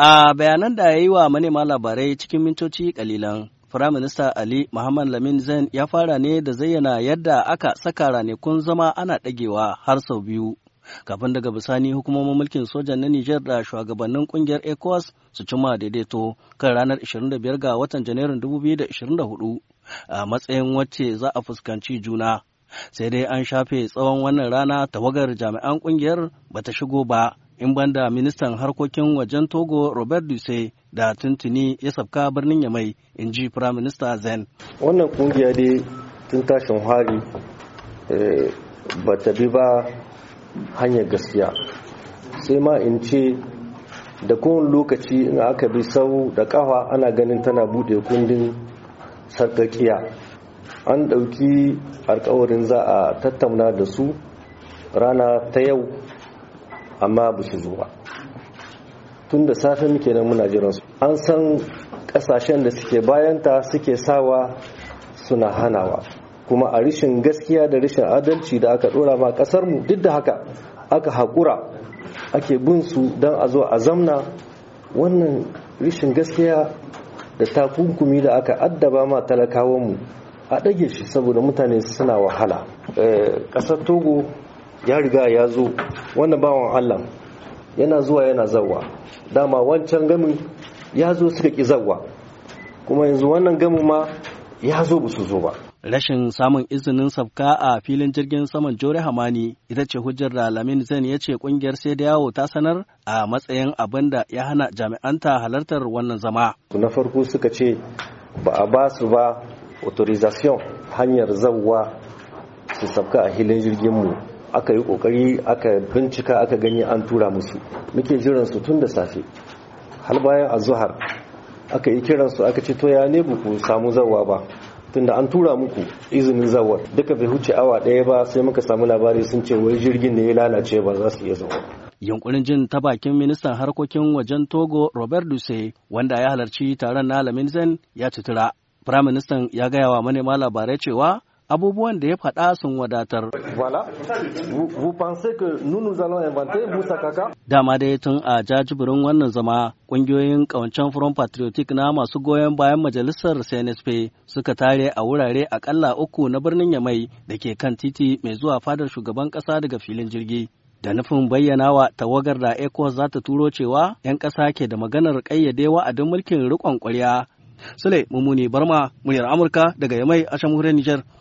A bayanan da ya yi wa manema labarai cikin mintoci kalilan, Firaminista Ali Muhammad Lamin Zain ya fara ne da zayyana yadda aka saka ranakun zama ana ɗagewa har sau biyu. Kafin daga bisani hukumomin mulkin sojan na Nijar da shugabannin kungiyar Ecos su cima daidaito kan ranar 25 ga watan Janairun 2024 a matsayin wacce za a fuskanci juna. Sai dai an shafe tsawon wannan rana tawagar jami'an kungiyar bata shigo ba. in banda ministan harkokin wajen togo robert duse da tuntuni ya sabka birnin ya mai in ji prime minister zen wannan kungiya dai tun tashin hari eh, ba ta bi ba hanyar gaskiya sai ma in ce da kowane lokaci in aka bi sau da kawa ana ganin tana bude kundin sarkakiya an ɗauki alkawarin za a tattauna da su rana ta yau amma ba su zo ba tun da safe muke nan muna jiran su an san kasashen da suke bayanta suke sawa suna hanawa kuma a rishin gaskiya da rishin adalci da aka dora ma kasar mu duk da haka aka haƙura ake bin su don a zo a zamna wannan rishin gaskiya da takunkumi da aka addaba ma talakawanmu a ɗage shi saboda mutane suna wahala eh, ƙasar togo ya riga ya zo wannan bawan Allah yana zuwa yana zawa dama wancan gamin ya zo suka ki zawa kuma yanzu wannan gamin ma ya zo ba su zo ba rashin samun izinin sabka a filin jirgin saman jore hamani ita ce hujjar da lamin zan ya ce kungiyar sai da yawo ta sanar a matsayin abin da ya hana jami'anta halartar wannan zama na farko suka ce ba a ba su ba authorization hanyar zawa su sabka a filin jirgin mu aka yi kokari aka bincika aka gani an tura musu muke jiran su tun da safe har bayan azuhar aka yi kiran su aka ce to ya ne ku samu zawa ba tunda an tura muku izinin zawar duka bai huce awa ɗaya ba sai muka samu labari sun ce wai jirgin ne ya lalace ba za su iya zawa yunkurin jin ta bakin ministan harkokin wajen togo robert duse wanda ya halarci taron na zen ya tutura firaministan ya gaya wa manema labarai cewa abubuwan da ya faɗa sun wadatar. Dama dai tun a jajibirin wannan zama ƙungiyoyin ƙawancen Front Patriotic na masu goyon bayan majalisar CNSP suka tare a wurare akalla uku na birnin Yamai da ke kan titi mai zuwa fadar shugaban ƙasa daga filin jirgi. da nufin bayyana wa tawagar da ECOWAS za ta turo cewa 'yan ƙasa ke da maganar ƙayyade wa'adin mulkin riƙon ƙwarya. Sule Mumuni Barma, muryar Amurka daga Yamai a Shamuhuriyar Nijar.